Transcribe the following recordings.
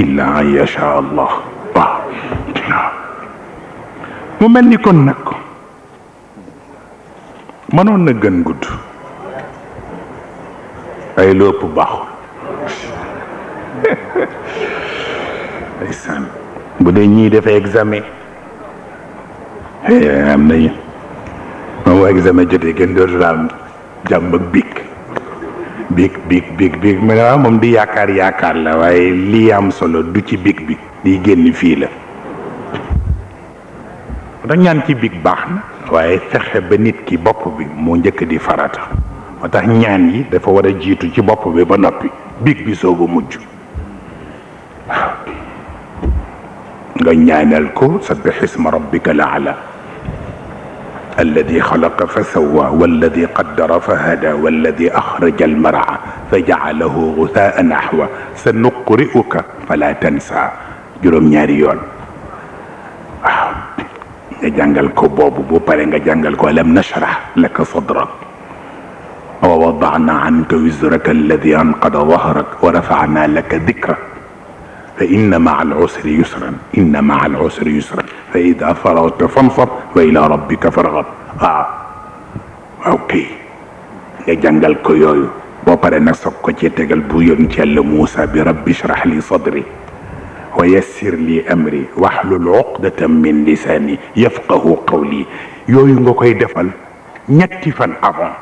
illa an yasha allah waaw mu mel ni kon nag mënoon na gën gudd ay lu ëpp baaxul ay sànn bu dee ñii defee examen eh, am nañu moom waa examen jotee gën dootul am jàmm ak big big big big mu moom di yaakaar yaakaar la waaye lii am solo du ci big bi lii génn fii la moo tax ñaan ci big baax na waaye fexe ba nit ki bopp bi moo njëkk di farata moo tax ñaan yi dafa war a jiitu ci bopp bi ba noppi big bi soog a mujj waaw nga ñaanal ko sabbih isma rabbika al-a'la الذي خلق فسوى والذي قدر فهدى والذي اخرج المرعى فجعله غثاء نحوه سنقرئك فلا تنسى جروم نياريون يا جانغال كو بوبو بو لم نشرح لك صدرك ووضعنا عنك وزرك الذي انقض ظهرك ورفعنا لك ذكرك فإن مع العسر يسرا إن مع العسر يسرا فإذا فرغت فانصب وإلى ربك فارغب آه أوكي يا جنجل كويوي بوبر نسق كجيتك البويو نتيال موسى برب اشرح لي صدري ويسر لي أمري واحلل عقدة من لساني يفقه قولي يوي نكوي دفل نتفن أفا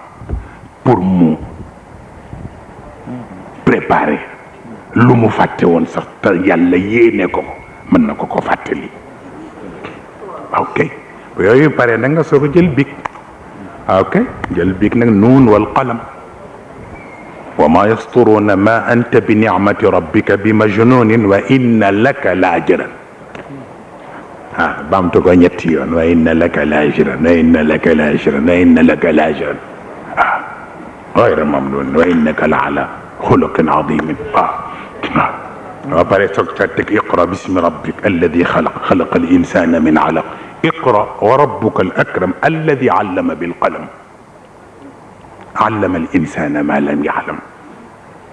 بورمو بريباري lu mu fàtte woon sax te yàlla yéene ko mën na ko ko fàttali ok yooyu pare na nga soog a jël bic ok jël bic nag nuun wal qalam wa ma yasturuna ma anta bi nicmati rabbika bi majnunin wa inna laka la ajran ah baamtu ko ñetti yoon wa inna laka la ajran wa inna laka la ajran wa inna laka la ajran ah غير ممنون وانك لعلى خلق عظيم آه. اسمع اقرا باسم ربك الذي خلق خلق الانسان من علق اقرا وربك الاكرم الذي علم بالقلم علم الانسان ما لم يعلم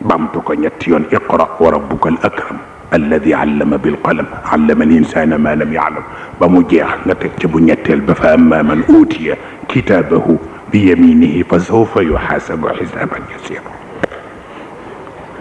بامتك نتيون اقرا وربك الاكرم الذي علم بالقلم علم الانسان ما لم يعلم بمجيح نتكتب نتيل بفاما من اوتي كتابه بيمينه فسوف يحاسب حسابا يسيرا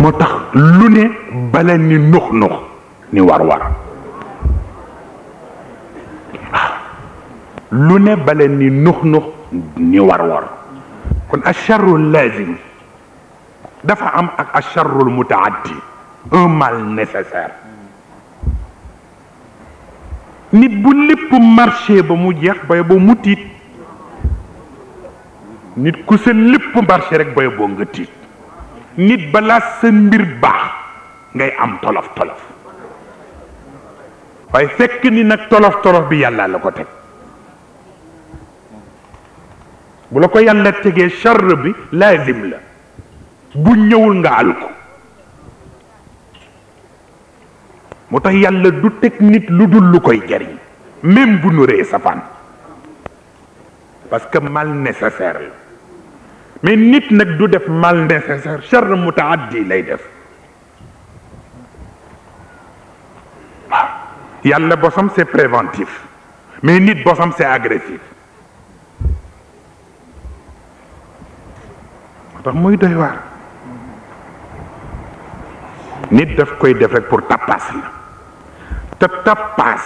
motax lu ne balen ni nux nux ni war war lu ne balen ni nux nux ni war war kon acharru lazim dafa am ak acharru mutaaddi un mal nécessaire nit bu lépp marché ba mu jeex bay bo mutit nit ku se lépp marché rek bay bo ngeutit nit balaa sa mbir baax ngay am tolof tolof waaye fekk ni nag tolof tolof bi yàlla la ko teg bu la ko yàlla tegee charre bi laazim la bu ñëwul nga àl ko moo tax yàlla du teg nit lu dul lu koy jariñ même bu nu ree safaan parce que mal nécessaire la mais nit nag du def mal nécessaire char mutaaddi lay def waaw yàlla bosam c'est préventif mais nit bosam c'est agressif moo tax muy doy waar nit daf koy def rek pour tappaas la te tappaas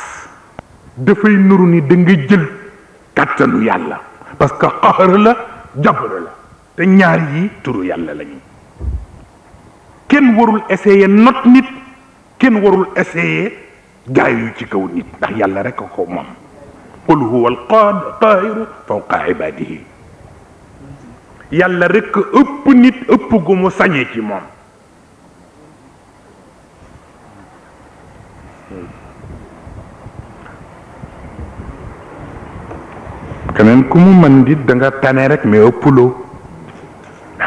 dafay nuru ni da nga jël kàttanu yàlla parce que xaxara la jabara la te ñaar yi turu yàlla lañu kenn warul essayer not nit kenn warul essayer gaayu ci kaw nit ndax yàlla rek a ko moom qul huwa alqaad qaahiru fawqa ibaadihi yàlla rek ëpp nit ëpp gu mu sañee ci moom keneen ku mu mën di da nga tane rek mais ëppuloo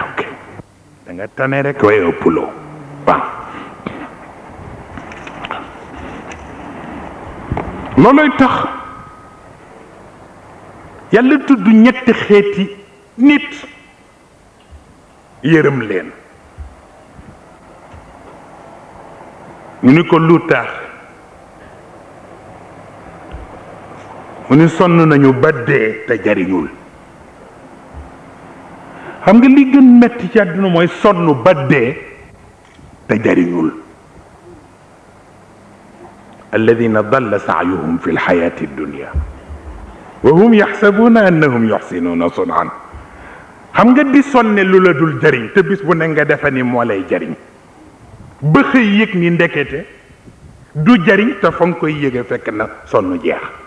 okay ఎట్టనే ఎక్కువ ఉప్పులో looloy tax yàlla tudd ñetti xeeti nit yërëm leen ñu ni ko lu tax mu ni sonn nañu ba te jariñul xam nga li gën metti ci àdduna mooy sonn ba dee te jariñul dalla sayuhum سعيهم في الحياة wa hum يحسبون annahum يحسنون sunan xam nga di sonne lu la dul jariñ te bis bu ne nga defe ni moo lay jariñ ba xëy yëg ni ndekete du jariñ te fa nga koy yëge fekk na sonn jeex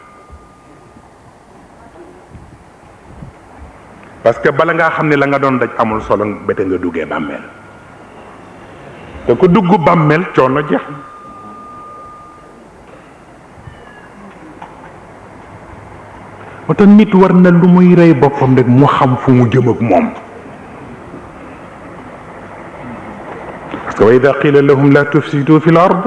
parce que bala nga xamni la nga don daj amul solo bete nga duggé bammel te ko duggu bammel coono jeex moo nit war na lu muy rey bopam rek mu xam fu mu jëm ak mom وإذا قيل لهم لا تفسدوا في الأرض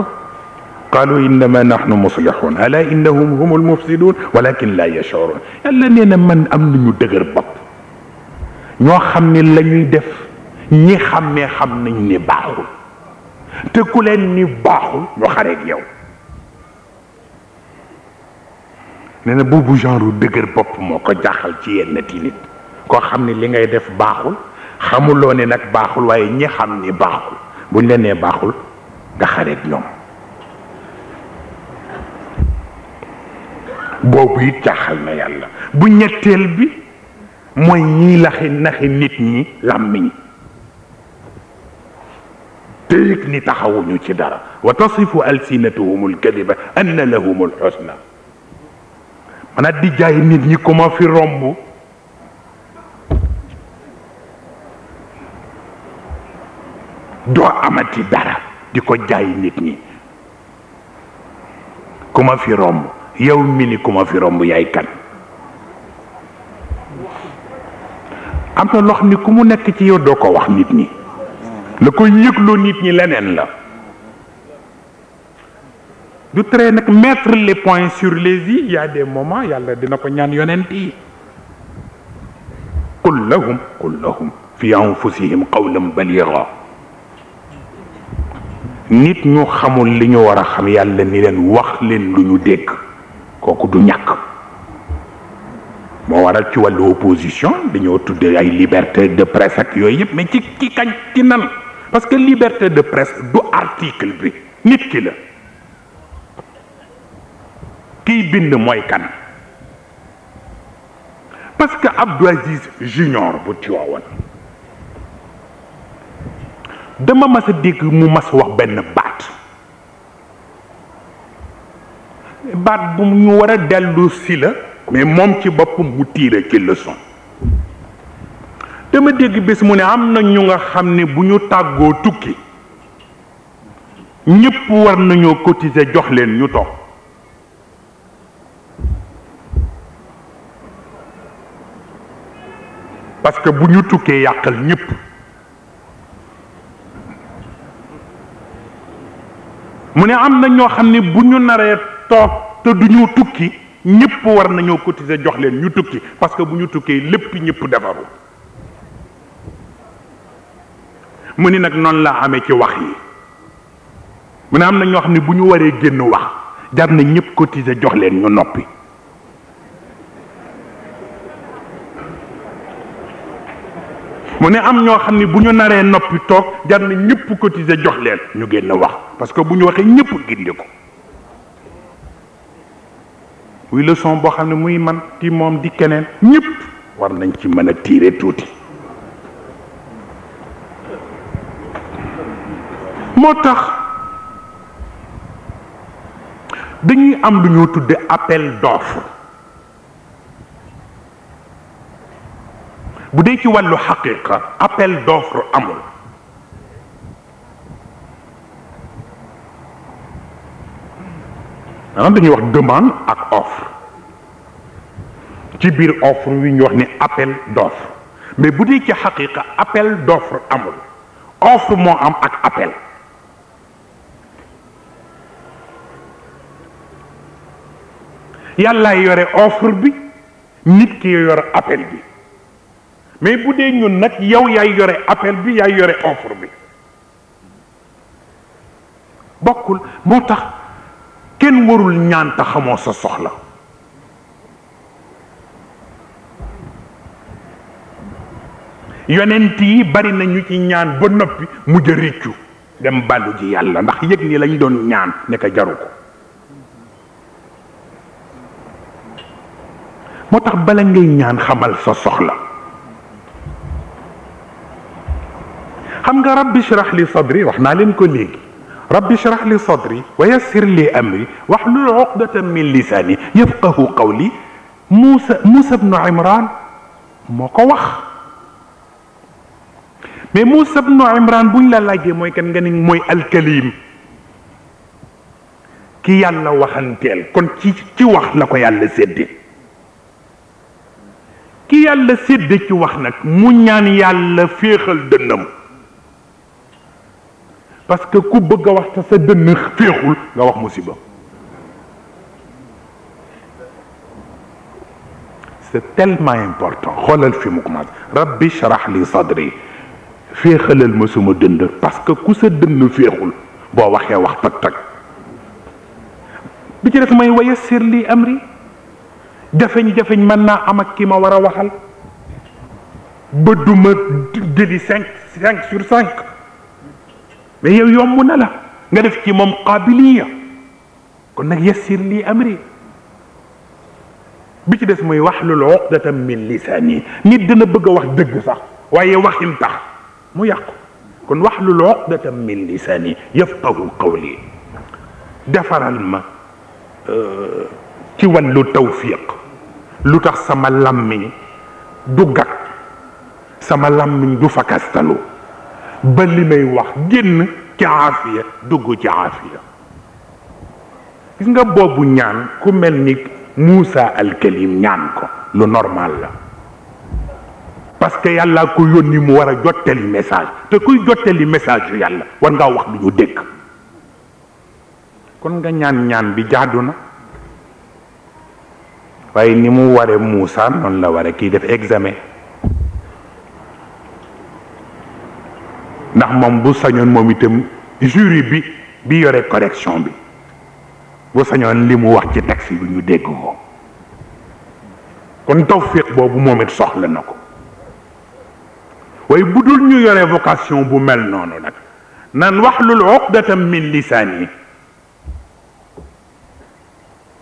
قالوا إنما نحن مصلحون ألا إنهم هم المفسدون ولكن لا يشعرون ألا نينا من أمن يدغر باب ñoo xam ni lañuy def ñi xàmmee xam nañ ni baaxul te ku leen ni baaxul ñu xareeg yow nee na boobu genre dëgër bopp moo ko jàqal ci yenn ti nit koo xam ni li ngay def baaxul xamuloo ni nag baaxul waaye ñi xam ni baaxul buñ la nee baaxul nga xareeg ñoom boobu it jaaxal na yàlla bu ñetteel bi moy ñi la xé naxé nit ñi làmmiñ te yëg ni lammin te ni taxawu ñu ci dara wa tasifu alsinatuhum alkadiba an lahum alxusna mana di jaay nit ñi ku ma fi rombu do amati dara diko jaay nit ñi kuma fi rombu yow mini kuma fi rombu yaay kan am na loo xam ni ku mu nekk ci yow doo ko wax nit ñi la koy yëgloo nit ñi leneen la du tere nag mettre les points sur les i y a des moments yàlla dina ko ñaan yonent yi qul lahum qul lahum fi anfusihim qawlan baliga nit ñu xamul li ñu war a xam yàlla ni leen wax leen lu ñu dégg kooku du ñàkk l'opposition waral ci walu opposition dañu tudde ay liberté de presse ak mais ci ki kañ ci parce que liberté de presse du article bi nit ki la ki bind moy parce que abdouaziz Junior bu Tiwaawan dama mas a dégg mu mas wax benn baat BAT bu ñu war mais moom ci boppam mu tiire ci leçon dama dégg bés mu ne am na ñu nga xam ne bu ñu tàggoo tukki ñëpp war nañoo cotiser jox leen ñu toog parce que bu ñu tukkee yàqal ñépp mu ne am na ñoo xam ne bu ñu naree toog te duñu tukki ñëpp war nañoo cotiser jox leen ñu tukki parce que bu ñu tukkee lépp ñëpp defaru mu ni nag noonu laa amee ci wax yi mu ne am na ñoo xam ne bu ñu waree génn wax jar na ñëpp cotiser jox leen ñu noppi mu ne am ñoo xam ne bu ñu naree noppi toog jar na ñëpp cotiser jox leen ñu génn wax parce que bu ñu waxee ñëpp gindi ko muy leçon boo xam ne muy man di moom di keneen ñëpp war nañ ci mën a tiire tuuti moo tax dañuy am lu ñoo tudd appel d'offre bu dee ci wàllu xaqiqa appel d'offre amul de dañuy wax demande ak offre ci biir offre wi ñu wax ni appel d'offre mais bu dee ci xaqiqa appel d'offre amul offre moo am ak appel yàllaay yore offre bi nit ki yore appel bi mais bu dee ñun nag yow yaay yore appel bi yaay yore offre bi bokkul moo kenn warul ñaan te xamoo sa soxla yonent yi bari nañu ci ñaan ba noppi mujj réccu dem bàllu ji yàlla ndax yëg ni lañ doon ñaan ne ko jaru ko moo tax bala ngay ñaan xamal sa soxla xam nga rab rabbi shrah li sadri wax naa leen ko léegi ربي اشرح لي صدري ويسر لي امري واحلل عقدة من لساني يفقه قولي موسى موسى بن عمران مقوخ مي موسى بن عمران بون لا لاجي موي كان غاني موي الكليم كي يالا وخانتيل كون كي تي واخ نكو يالا سيدي كي يالا سيدي تي واخ نك مو نيان يالا فيخال دنم parce que ku bëgg a wax te sa dënn féexul nga wax musiba c'est tellement important xoolal fi mu commencé rabbi shrah li sadri féexalal ma suma dënd parce que ku sa dënn féexul boo waxee wax tag-tag bi ci def may wayassir li amri jafeñ-jafeñ mën naa am ak ki ma a waxal ba duma jëli cinq sur cinq mais yow yomb na la nga def ci mom qabiliya kon nak yassir li amri bi ci dess moy wax lul uqdatam min lisani nit dana bëgg wax deug sax waye waxim tax mu yaq kon wax lul uqdatam min lisani yafqahu qawli defaral ma ci walu tawfiq lutax sama lammi du gàtt sama lammi du fakastalu ba li may wax génn ci aafiya dugg ci aafiya gis nga boobu ñaan ku mel ni Moussa alkalim ñaan ko lu normal la parce que yàlla ko yónni mu war a jottali message te kuy jottali message yu yàlla war ngaa wax lu ñu dégg kon nga ñaan ñaan bi jaadu na waaye ni mu waree musa noonu la waree kii def examen ndax moom bu sañoon moom itam jury bi bi yore correction bi bu sañoon li mu wax ci taxi bi ñu dégg ko kon tawfiq boobu moom it soxla na ko waaye bu dul ñu yore vocation bu mel noonu nag nan waxlul uqdatam min lisaan yi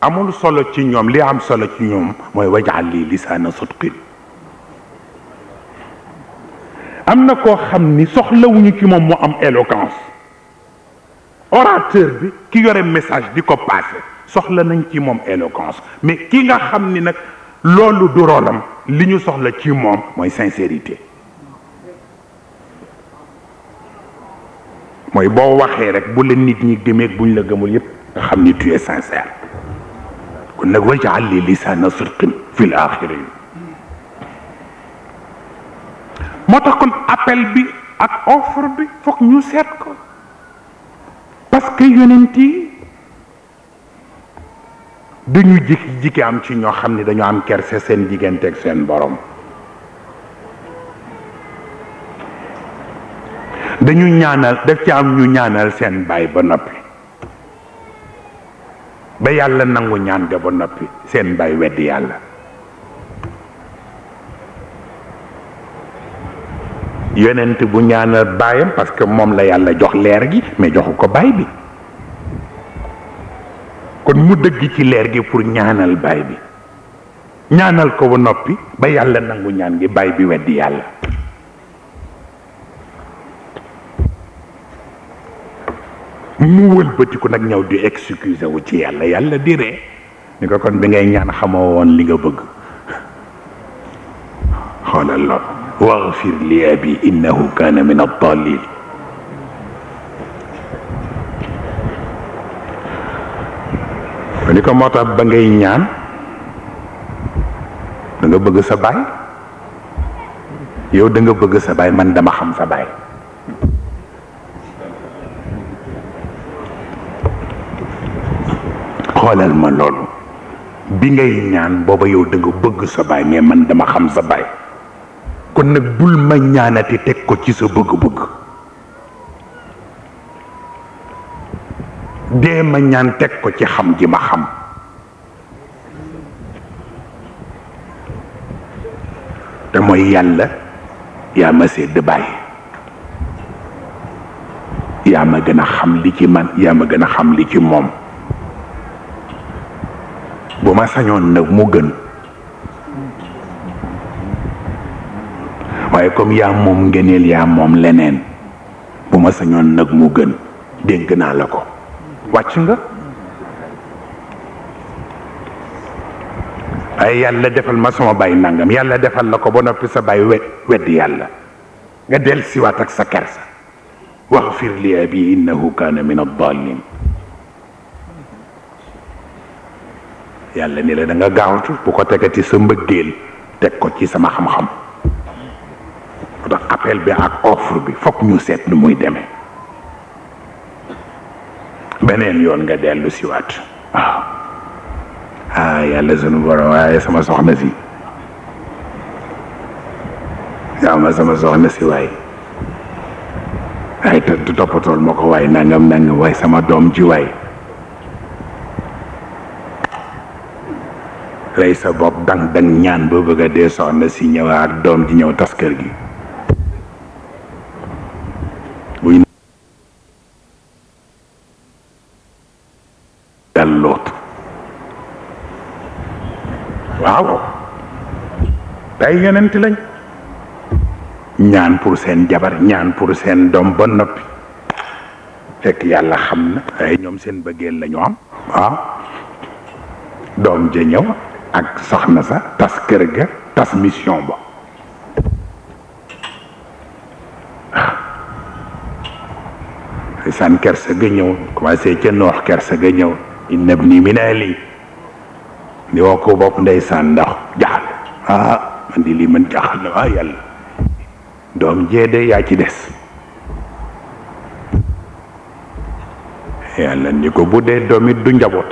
amul solo ci ñoom li am solo ci ñoom mooy wajaal lii lisaana sutqin amna ko xamni xam ni soxlawuñu ci mom mu am éloquence orateur bi ki yore message diko passer soxla nañ ci mom éloquence mais ki nga xamni nak lolu du rolam liñu soxla ci mom moy sincérité moy bo waxé rek bu le nit ñi ak buñ la gëmul yépp nga xamni tu es sincère kon nag wajal li lisana sidqin fil l moo tax kon appel bi ak offre bi foog ñu seet ko parce que dañu jikki-jikki am ci ñoo xam ne dañoo am kerse seen diggante ak seen borom dañu ñaanal def ci am ñu ñaanal seen baay ba noppi ba yàlla nangu ñaan ga ba noppi seen baay weddi yàlla yonent bu ñaanal baayam parce que moom la yàlla jox leer gi mais joxu ko baay bi kon mu dëgg ci leer gi pour ñaanal baay bi ñaanal ko ba noppi ba yàlla nangu ñaan gi baay bi weddi yàlla mu wëlbati ko nag ñëw di excuse wu ci yàlla yàlla di ree ni ko kon bi ngay ñaan xamoo woon li nga bëgg xoolal lool واغفر لأبي إنه كان من الضالين فنيكو موتا بانغي نيان دنگا بغي سا يو دنگا بغي سا من دما خم سا باي خولال نيان بوبا يو دنگا بغي سا من دما خم kon nag bul ma ñaanati teg ko ci sa bëgg-bëgg dee ma ñaan teg ko ci xam ji ma xam te mooy yàlla yaa ma sedd bàyyi yaa ma gën a xam li ci man yaa ma gën a xam li ci moom bu ma sañoon nag mu gën waye comme ya mom ngëneel ya mom lenen buma sañon nak mo gën dénk na la ko wàcc nga ay yàlla defal ma sama bàyyi nangam yàlla defal lako bo nopi sa bàyyi wet wedd yàlla nga del wat ak sa kersa waxfir li abi innahu kana min ad-dallin yàlla ni la da nga gawtu bu ko tekati sa mbëggeel tek ko ci sama xam-xam appel bi ak offre bi fokk ñu seet nu muy deme beneen yoon nga dellu siwaat waaw ah yàlla sunu borom waaye sama soxna si yaa ma sama soxna si waaye ay te toppatool ma ko waay nangam nangam waay sama doom ji waay rey sa bopp dang dang ñaan ba bëgg a dee soxna si ñëwaat doom ji ñëw tas gi ay yonent lañ ñaan pour seen jabar ñaan pour seen doom ba noppi fekk yàlla xam na ay ñoom seen bëggeel la ñu am waaw ah. doom ja ñëw ak soxna sa tas kër ga tas mission ba saan kersa ga ñëw commencé ca noox kersa ga ñëw inna ibni min ahli di woo ko bopp ndeysaan ndax jaxal ah man lii li mën jaaxal na waa yàlla doom jeede yaa ci des yàlla ni ko bu dee doomit du njaboot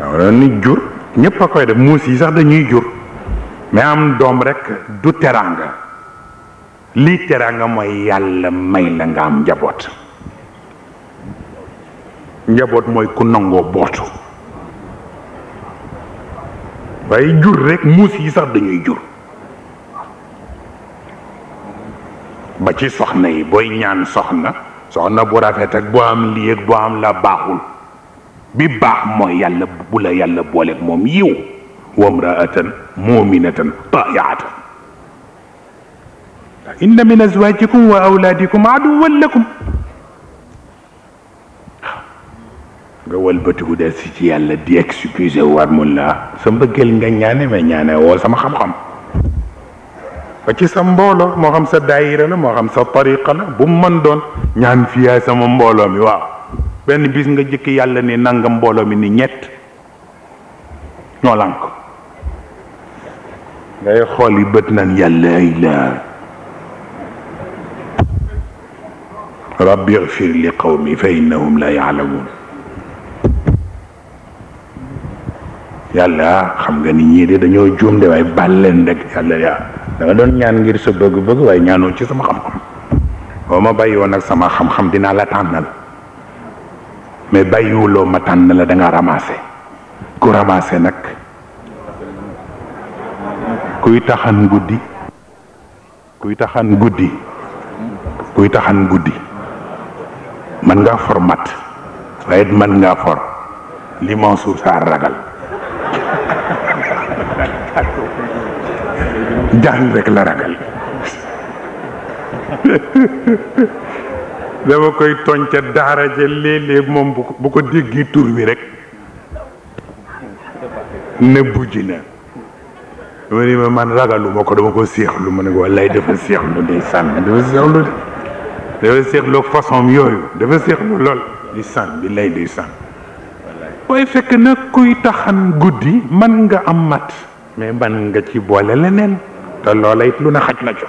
waaw la ni jur ñépp koy def muus yi sax dañuy jur mais am doom rekk du teraanga lii teraanga mooy yàlla may la nga am njaboot njaboot mooy ku nangoo bootu waaye jur rek muus yi sax dañuy jur ba ci soxna yi booy ñaan soxna soxna bu rafet ak bu am lii ak bu am la baaxul bi baax mooy yàlla bu la yàlla booleeg moom yiw wamraatan muminatan taaiatan inna min azwajikum wa awladikum aduwan lakum gawal wëlbatiku del si ci yàlla di excusé war mu la sa mbëggeel nga ñaane mais ñaane woo sama xam-xam ba ci sa mbooloo moo xam sa daayira la moo xam sa tariqa la bu mu mën doon ñaan fiyaa sama mbooloo mi waaw benn bis nga jëkk yàlla ni nanga mbooloo mi ni ñett ñoo lànk ngay xool yi bët nan yàlla ay laa rabbi اغفر لقومي فإنهم لا يعلمون yàlla xam nga ni ñii de dañoo juum de waaye baal leen rek yàlla yaa da doon ñaan ngir sa bëgg-bëgg waaye ñaanoo ci sama xam-xam boo ma bàyyiwoon ak sama xam dinaa la tànnal mais bàyyiwuloo ma tànn la da nga ku ramassé nag kuy taxan guddi kuy taxan guddi kuy taxan guddi mën ngaa for mat waaye it mën ngaa for li Mansour Sarr ragal jaaxle rek la ragal dama koy tooñ ca daara ja léeg-léeg moom bu ko déggee tur wi rek ne bujj na ma ni man ragaluma ko dama ko seexlu ma ne ko wallaay dafa seexlu di sànn dafa seexlu de dafa seexlu façon yooyu dafa seexlu lool di sànn bi lay di sànn waaye fekk nag kuy taxan guddi man nga am mat mais mën nga ci boole leneen te loola it lu ne xaj na co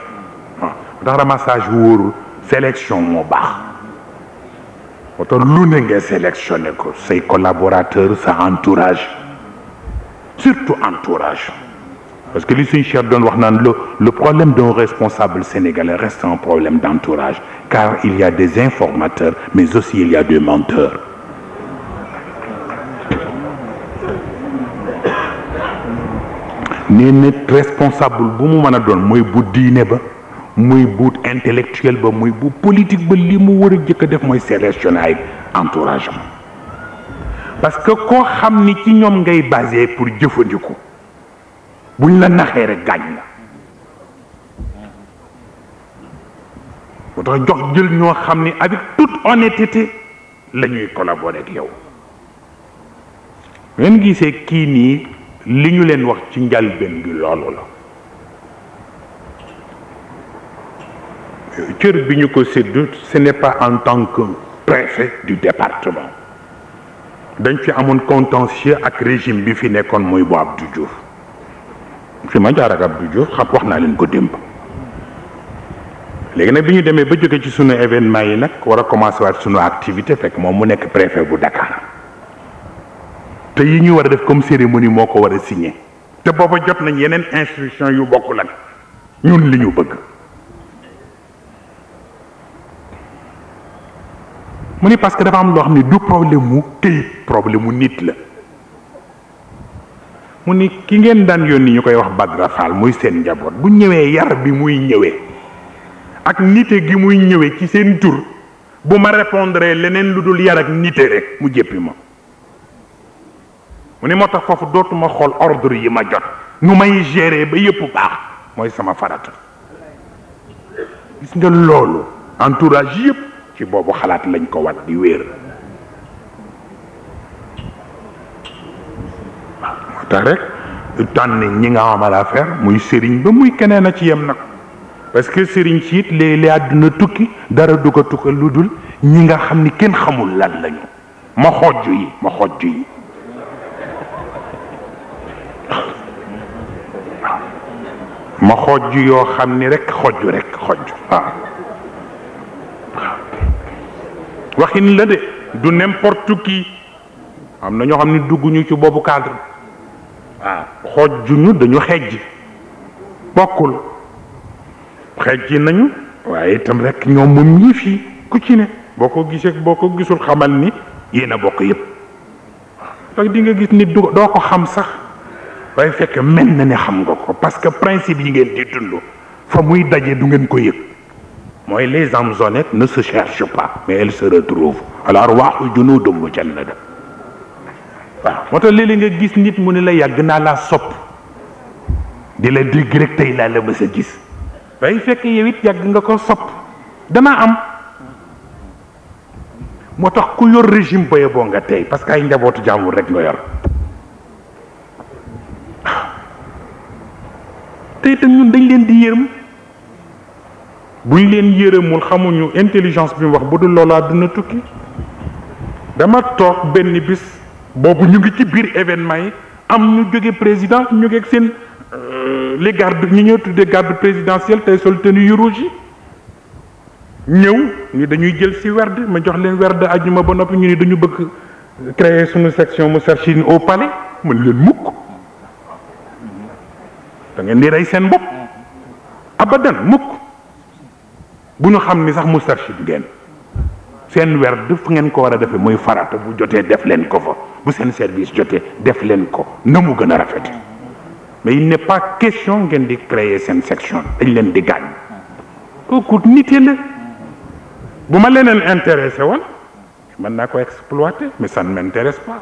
ndax ramassage wóorul sélection moo baax moo tax lu ne nga sélectionné ko say collaborateur sa entourage surtout entourage parce que li suñu cher doon wax naan le le problème d'un responsable sénégalais reste un problème d'entourage car il y a des informateurs mais aussi il y a des menteurs nee na responsable bu mu mën a doon mooy bu diine ba muy bu intellectuel ba muy bu politique ba li mu war a jëkk a def mooy sélectionné ay entourage am parce que koo xam ni ci ñoom ngay basé pour jëfandiku buñ la naxee rek gaañ la bu tax jox jël ñoo xam ni avec toute honnêteté la ñuy collaborer ak yow ngeen gisee kii nii li ñu leen wax ci njalbeen gi loolu la cër bi ñu ko sédd ce n'est pas en tant que préfet du département dañ fi amoon contentieux ak régime bi fi nekkoon mooy bu Abdou Diouf fi ma jaar ak Abdou Diouf xam wax naa leen ko démb léegi nag bi ñu demee ba jóge ci sunu événement yi nag war a commencé waat sunu activité fekk moom mu nekk préfet bu Dakar te yi ñu war a def comme cérémonie moo ko war a signé te booba jot nañ yeneen instruction yu bokkul ak ñun li ñu bëgg mu ni parce que dafa am loo xam ne du problème mu këyit problème mu nit la mu ni ki ngeen daan yónni ñu koy wax Badra Fall muy seen njaboot bu ñëwee yar bi muy ñëwee ak nite gi muy ñëwee ci seen tur bu ma répondre leneen lu dul yar ak nite rek mu jéppi ma mu motax fofu dotuma xol ordre yi ma jot nu may gérer ba yëpp baax moy sama farata gis nga lolu entourage yëpp ci bobu xalaat lañ ko wat di wër waaw rek tan ñi nga amal affaire muy serigne ba muy keneen ci yem nak parce que serigne ci it léeg-léeg aduna tukki dara du ko tukkal lu ñi nga xamni ni kenn xamul lan lañu ma xojju yi ma xojju yi ma xojj yoo xam ni rek xojj rek xojj waaw waxin la de du n'importe qui am na ñoo xam ne dugguñu ci boobu cadre waaw xojjuñu dañu xejj bokkul xejj nañu waaye itam rek ñoom moom ñii fii ku ci ne boo ko gisee boo ko gisul xamal ni yéen a bokk yépp ndax di nga gis ni doo ko xam sax parce que principe yi les hommes honnêtes ne se cherchent pas mais elles se retrouvent alors nous sommes waaw moo tax léeg nga gis nit mu la yàgg naa di la rek a gis waaye fekk nga ko am régime pour boo nga tey parce que ay njabootu votre rek te ñun dañ leen di yërëm buñ leen xamuñu intelligence bi mu wax bu dul tukki bis ñu ngi ci biir événement président nous euh, les gardes ñu ñëw tuddee garde présidentiel tey sol nous rouge ñëw ñu dañuy jël ma jox leen ba noppi créer section mu au palais mën leen da ngeen di rey seen bopp abadan mukk bu ñu xam ni sax mustarshid ngeen seen werd fu ngeen ko war a defee muy farata bu jotee def leen ko fa bu seen service jotee def leen ko na mu gën a rafet mais il n'est pas question ngeen di créer seen section dañ leen di gaañ kooku nité la bu ma leneen intéressé woon mën naa ko exploiter mais ça ne m'intéresse pas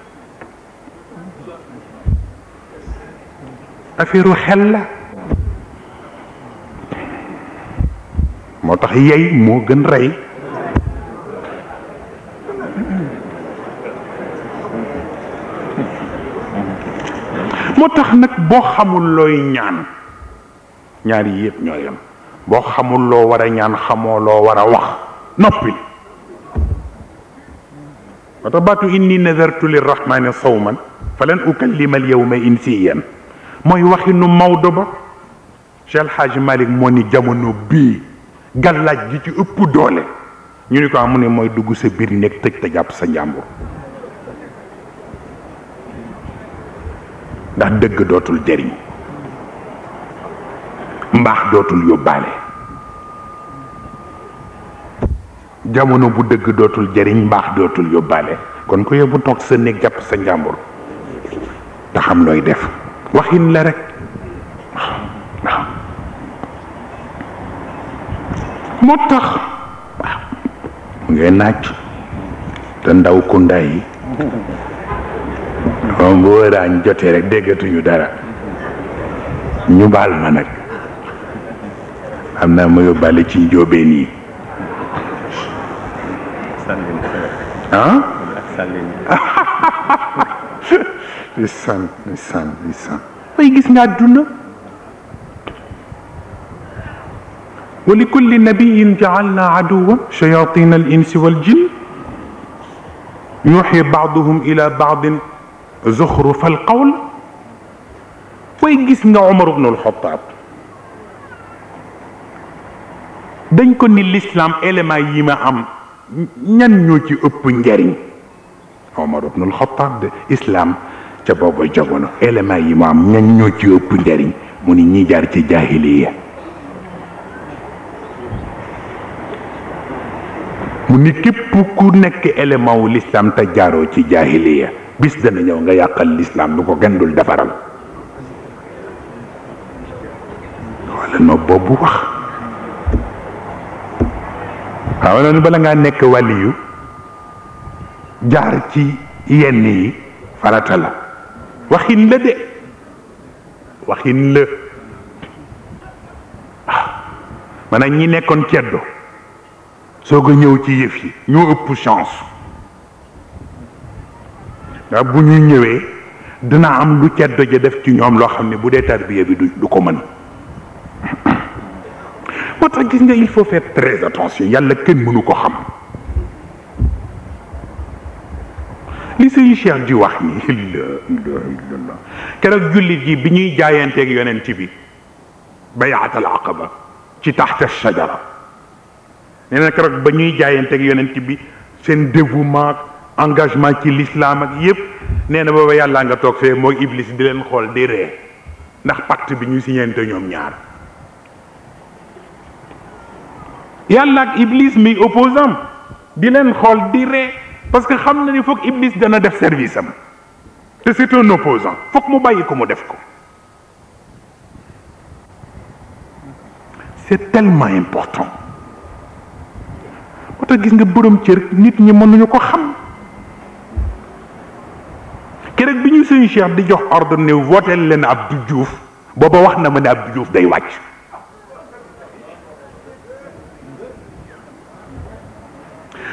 affaire u xel la moo tax yey moo gën rey moo tax nag boo xamul looy ñaan ñaar yi yëpp ñoo yem boo xamul loo war a ñaan xamoo loo war a wax noppil moo tax baatu inni nadartu lirrahmani sawman falan ukallima al yawma insiyan mooy waxinu Maodo ba Cheikh El moo ni jamono bii gàllaaj gi ci ëpp doole ñu ni ko amu ah, ne mooy dugg sa biir néeg tëj te jàpp sa njàmbur ndax dëgg dootul jëriñ mbaax dootul yóbbaale jamono bu dëgg dootul jëriñ mbaax dootul yóbbaale kon ko yóbbu toog sa néeg jàpp sa njàmbur te xam looy def waxin la rek moo tax mu ngay naaj te ndaw kunda yi moom bu wëraañ jotee rek déggatuñu dara ñu baal ma nag am naa ma yóbbaale ci njóobeen yi نسان نسان نسان ويجيس نادونا ولكل نبي جعلنا عدوا شياطين الإنس والجن يوحي بعضهم إلى بعض زخرف القول ويجيس عمر بن الخطاب dañ ko ni l'islam élément yi ma am ñan ñoo ci ëpp njariñ omar ibn al ca bobo jogono element yi mu am ñan ñoo ci ëpp njariñ mu ni ñi jaar ci jahiliya mu ni kep ku nekk element wu l'islam ta jaaro ci jahiliya bis dana ñëw nga yaqal l'islam du ko dul defaral wala no bobu wax waaw ñu bala nga nekk waliyu jaar ci yenn yi waxin la de waxin la waaw ah. maanaam ñi nekkoon ceddo soo ko ci yef yi ñoo ëpp chance da bu ñuy ñëwee dina am lu ceddo ja def ci ñom lo xamni bu dé tarbiya bi du ko mën moo gis nga il faut faire très attention yalla kenn mënu ko xam li sëñ Cheikh di wax ni la keroog jullit yi bi ñuy jaayanteeg yonent bi bayaat al aqaba ci taxta shajara nee na keroog ba ñuy jaayanteeg yonent bi seen dévouement engagement ci l'islam ak yépp nee na booba yàlla nga toog fee moo iblis di leen xool di ree ndax pacte bi ñu siñente ñoom ñaar yàlla ak iblis mi opposant di leen xool di ree parce que xam na ni foog Iblis dana def service am te c'est un opposant foog mu bàyyi ko mu def ko c'est tellement important moo gis nga borom cër nit ñi mënuñu ko xam keroog bi ñu suñu Cheikh di jox ordre ne votel leen Abdou Diouf booba wax na ma ne Abdou Diouf day wàcc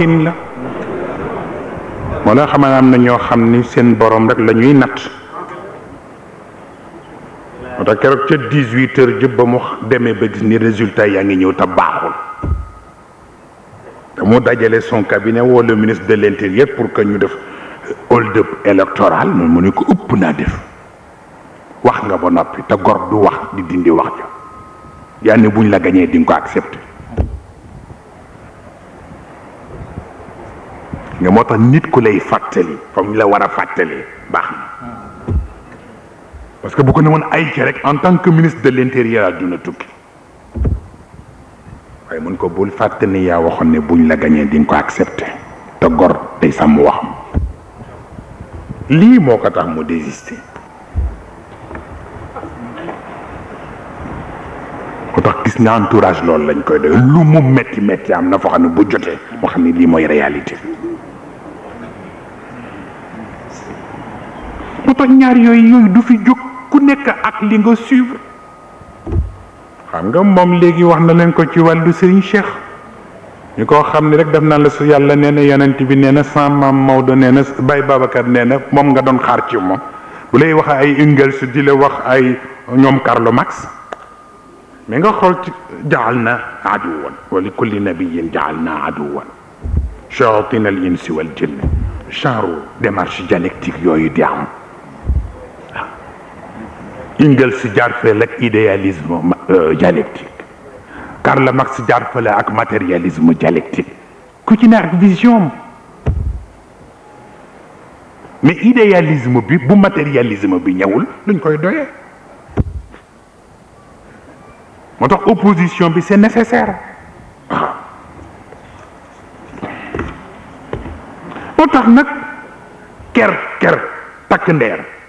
waxin la moo à am na ñoo xam ni seen borom rek la ñuy natt moo tax keroog ca dix heures jëpp ba mu demee ba gis ni résultat yaa ngi ñëw te baaxul te mu dajale son cabinet woo le ministre de l'intérieur pour que ñu def hold up électoral moom mu ne ko ëpp naa def wax nga ba noppi te gor du wax di dindi wax ja yaa ne buñ la gañee di nga ko accepté nga moo nit ku lay la wara a ont parce que bu ko ay en tant que ministre de l'intérieur aduna tukki waaye mun ko bul fatani ya buñ la ko te gor day sam wax li moko tax mu désister gis entourage lañ koy def lu mu metti metti am na bu réalité oto ñaar yooyu yooyu du fi jóg ku nekk ak li nga suivre xam nga moom léegi wax na leen ko ci wàllu Serigne Cheikh ñu ko xam ne rek def naa la su yàlla nee na yonent bi nee na sa maam Maodo nee na Baye Babacar nee na moom nga doon xaar ci moom bu lay wax ay Engels di la wax ay ñoom Karl Marx mais nga xool ci jaal na aduwan wa li kulli nabiyin jaal na aduwan shayatin al insi wal jinne genre démarche dialectique yooyu di am Engels jaar fële ak idéalisme euh, dialectique Karl Marx jaar et ak matérialisme dialectique ku ci avec vision mais l'idéalisme, bi bu matérialisme bi pas luñ koy doyee moo opposition bi c'est nécessaire moo tax nag ker ker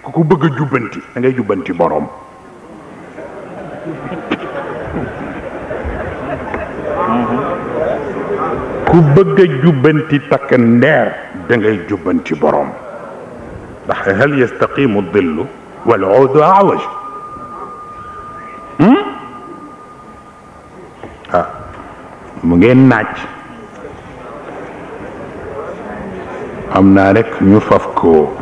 ku ko bëgg a jubbanti da ngay jubbanti boroom ku bëgg a jubbanti takk ndeer da ngay jubbanti boroom ndax hal yastaqimu dillu wal udu awaj ah mu ngeen naaj am naa rek ñu faf ko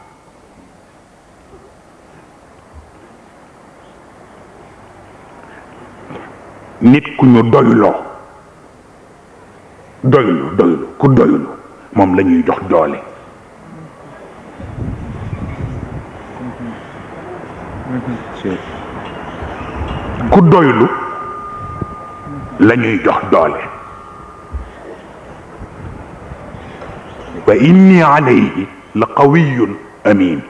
nit ku ñu doylo doylo doylo ku doylo mom lañuy jox doole ku doylo lañuy jox doole wa inni alayhi لقوي امين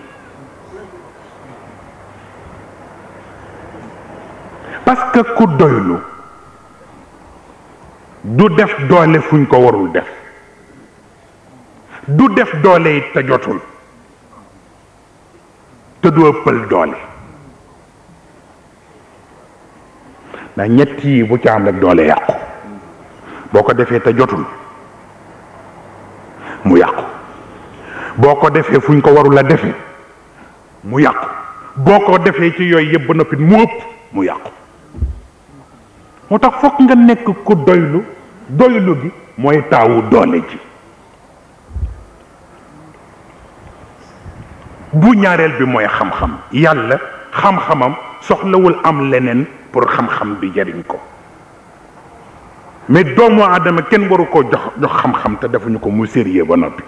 باسكو parce que du def doole fuñ ko warul def du def doole it te jotul te du ëppal doole ndax ñett bu ca am doole yàqu boo ko defee te jotul mu yàqu boo ko defee fuñ ko warul a defee mu yàqu boo ko defee ci yooyu yëpp ba noppi mu ëpp mu yàqu moo tax foog nga nekk ku doylu doylu bi mooy taawu doole ji bu ñaareel bi mooy xam-xam yàlla xam-xamam soxlawul am leneen pour xam-xam bi jariñ ko mais doomu aadama kenn waru koo jox jox xam-xam te defuñu ko mu sérieux ba noppi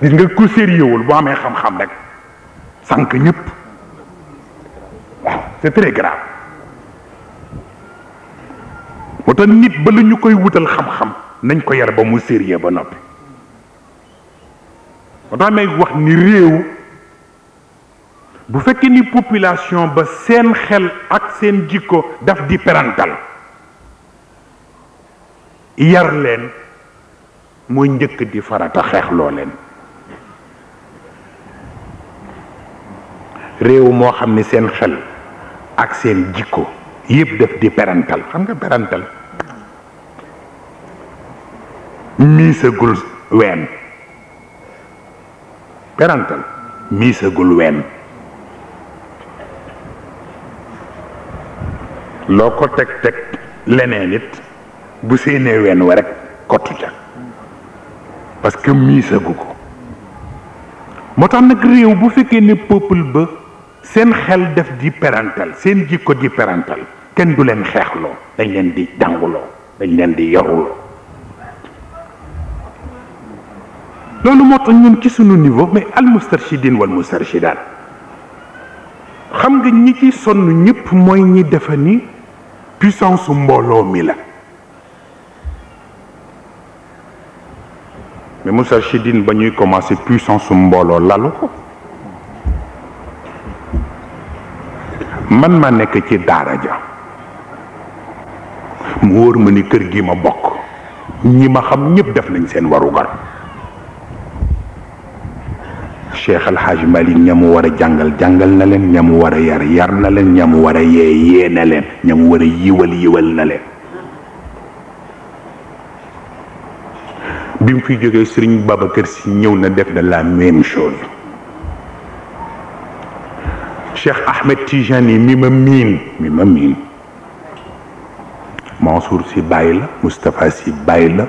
gis nga ku sérieuxwul boo amee xam-xam rek sànq ñëpp c'est très grave moto nit ba luñu koy wutal xam-xam nañ ko yar ba mu sérieux ba nopi moto may wax ni rew bu fekkee ni population ba sen xel ak sen jikko daf di perantal yar len moy njëkk di farata xeexloo leen réew moo xam ni seen xel ak seen jikko yëpp def di perantal xam nga perantal miisagul ween perantal miisagul ween loo ko teg teg leneen it bu séenee ween wa rek ca parce que miisagu ko moo tax nag réew bu fekkee ne peuple ba seen xel def di parental seen jikko di parental kenn du leen xeexloo dañ leen di jànguloo dañ leen di yoruloo loolu ñun niveau mais al wal ou xam nga ñi ci sonn ñi ni puissance mbooloo mi la mais mustarshidin ba ñuy commencé puissance mbooloo lalu man ma nekk ci daara ja mu wóor ma ni kër gi ma bokk ñi ma xam ñëpp def nañ seen warugar cheikh alxaaj malik ña mu war a jàngal jàngal na leen ña war a yar yar na leen ñamu mu war a yee yee na leen ña mu war a yiwal yiwal na leen bi mu fi jógee sëriñ Babacar si ñëw na def de la même chose الشيخ احمد تيجاني ميم مين ميم مين منصور سي بايلا مصطفى سي بايلا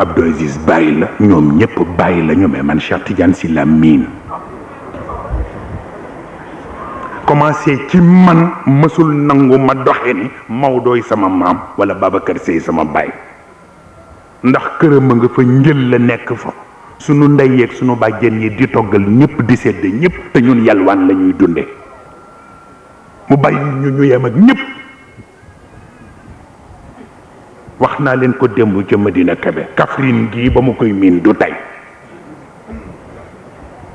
عبد العزيز بايلا نيوم نيب بايلا نيوم مان شيخ تيجان سي لا مين commencé ci man mësul nangu ma doxé ni mawdoy sama mam wala babacar sey sama bay ndax kërëm nga fa ñëll la nekk fa sunu ndey sunu bàjjen yi di toggal ñëpp di sedd ñëpp te ñun yalwaan la ñuy dunde mu bàyyi ñu ñu yem ak wax naa leen ko démb ca dina Kebe Kaffrine gii ba mu koy miin du tey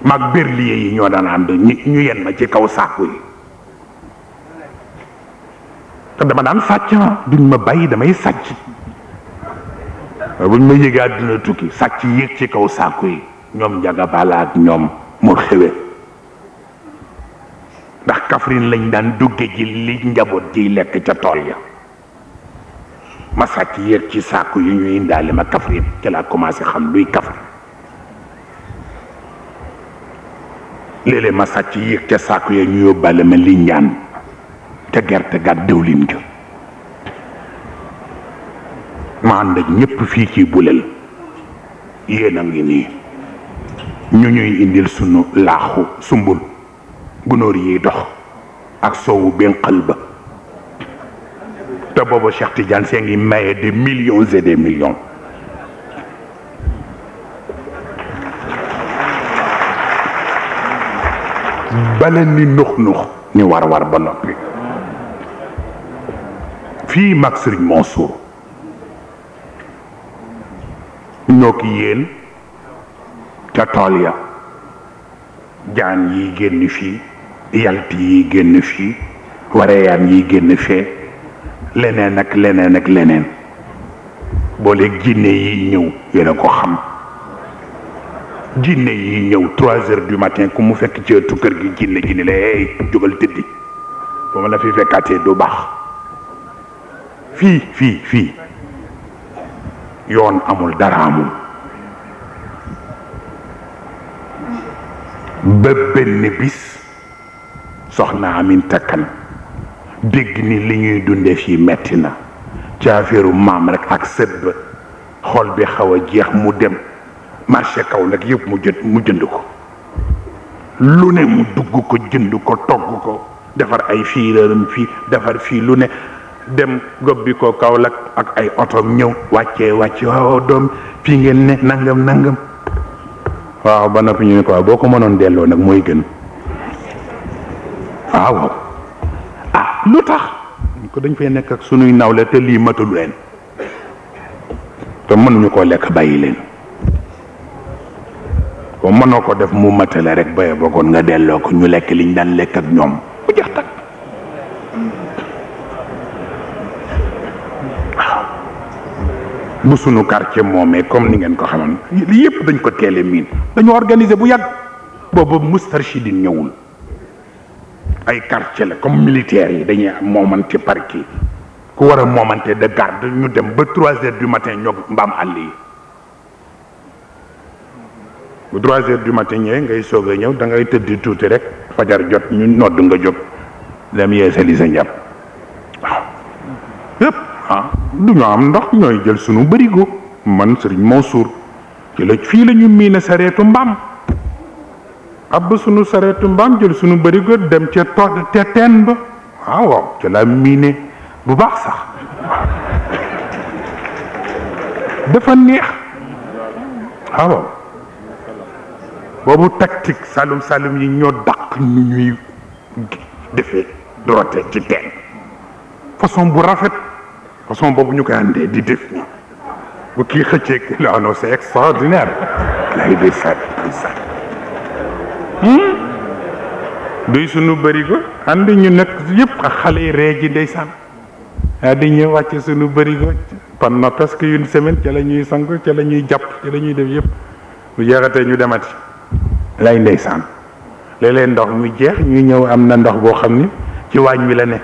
maag berlier yi ñoo daan ànd ñu ñu yen ma ci kaw saaku yi te dama daan sàcc ah. duñ ma bàyyi damay sàcc Eh, buñ ma yëgee àdduna tukki sàcc yéeg ci kaw sàkku yi ñoom njaga bala ak ñoom mu xewee ndax kafrin lañ daan dugge ji li njaboot jiy lekk ca tool ya ma sàcc yéeg ci sàkku yi ñuy indaale ma Kaffrine ci laa commencé xam luy Kaffrine léeg ma sàcc yéeg ca sàkku ya ñu yóbbaale ma li ñaan te gerte gàtt dëwlin ga ma ànd ñépp fii ci buleel yéen a ngi nii ñu ñuy indil sunu laaxu sumbul gunóor yiy dox ak soowu benqal ba te booba Cheikh Tidiane see ngi maye des millions et des millions bala ni nux nux ni war war ba noppi fii mag Sëriñ Mansour ñoo ki yéen ca tool ya jaan yi génn fii yalt yi génn fii wareyaan yi génn fee leneen ak leneen ak leneen boole jinne yi ñëw yéen ko xam jinne yi ñëw trois heures du matin ku mu fekk ci ëttu kër gi jinne ji ni la hey jógal tëddi ba ma la fi fekkaatee du baax fii fii fii yoon amul dara amul ba benn bis soxna amin takkan dégg ni li ñuy dunde fii metti na ci affaire maam rek ak sët ba xol bi xaw a jeex mu dem marché kaw nag yëpp mu jë mu jënd ko lu ne mu dugg ko jënd ko togg ko defar ay fiiram fii defar fii lu ne dem gobbi ko Kaolack ak ay otom ñëw wàccee wàcce waaw doom fii ngeen ne nangam nangam waaw ba noppi ñu ne ko waaw boo ko mënoon delloo nag mooy gën ah, waaw ah lu tax ko dañ fay nekk ak sunuy nawle te lii matul leen te mënuñu koo lekk bàyyi leen boo mënoo ko def mu matale rek baye bokkoon nga delloo ko ñu lekk liñ daan lekk ak ñoom bu jeex tak bu sunu quartier moomee comme ni ngeen ko xamoon li yépp dañ ko teele miin dañu organiser bu yàgg boobu mustarshidin ñëwul ay quartier la comme militaire yi dañuy am moomante parc yi ku war a moomante de garde ñu dem ba trois heures du matin ñoo mbaam àll yi bu trois heures du matin ñëwee ngay soog a ñëw da ngay tëdd tuuti rek fajar jot ñu nodd nga jóg dem yeesali sa njàpp waaw yépp ah du ñu am ndox ñooy jël sunu bërigo man sëriñ Mansour ci la fii lañu ñu miine sareetu mbaam ab sunu sareetu mbaam jël sunu bërigo dem ca todd te teen ba ah waaw ci la miine bu baax sax dafa neex ah waaw boobu tactique salum salum yi ñoo dàq nu ñuy defee dorote ci teen façon bu rafet façon boobu ñu koy àndee di def nii bu kii xëccee la non c'est extraordinaire lay day sànni day sànni duy sunu bëri ko ànd ñu nekk yëpp xale yi ree ji day sànni daa di ñëw wàcc sunu bëri ko pendant presque une semaine ca la ñuy sang ca la ñuy jàpp ca la ñuy def yëpp bu jeexatee ñu demati lay ndeysaan léeg-léeg ndox mu jeex ñu ñëw am na ndox boo xam ni ci waañ wi la ne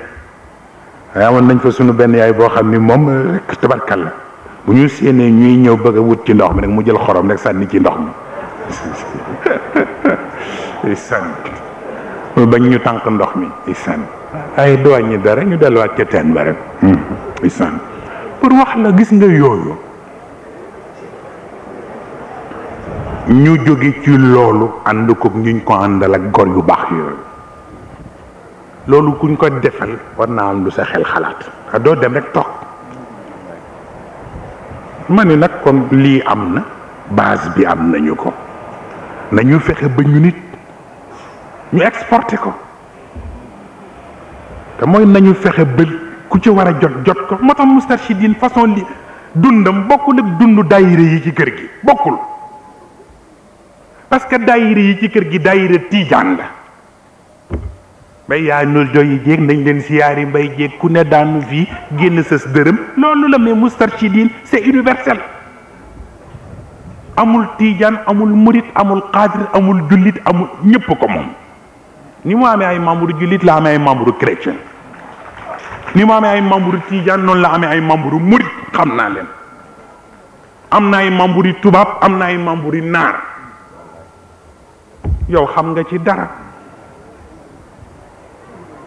amoon nañ fa sunu ben yaay bo xamni mom rek eh, tabarkal bu ñu seené ñuy ñëw bëgg wut ci ndox mi nak mu jël xorom rek sanni ci ndox mi sànni mu bañ ñu tank ndox mi sànni ay doñi dara ñu delu wat ci ten ba rek hmm. sànni pour wax la gis nga yoyu ñu joggé ci loolu and ko ñu ko andal ak gor yu bax yoyu loolu kuñ ko defal war naa am lu sa xel xalaat a doo dem rek toog ma ne nag kon lii am na baas bi am nañu ko nañu fexe ba ñu nit ñu exporté ko te mooy nañu fexe ba ku ci war a jot jot ko moo tax Moustarchidine façon li dundam bokkul ak dundu daayira yi ci kër gi bokkul parce que daayira yi ci kër gi daayira tiijaan la mbay yaa nul yi jéeg nañ leen siyaari mbay jéeg ku ne daanu fii génn sës dërëm loolu la mais Moustarchidine c'est universel amul tiijaan amul murit amul xaadir amul jullit amul ñëpp ko moom ni mu amee ay membre jullit la amee ay membre chrétien ni mu amee ay membre tiijaan noonu la amee ay membre murit xam naa leen am na ay membre yi tubaab am na ay membre yi naar yow xam nga ci dara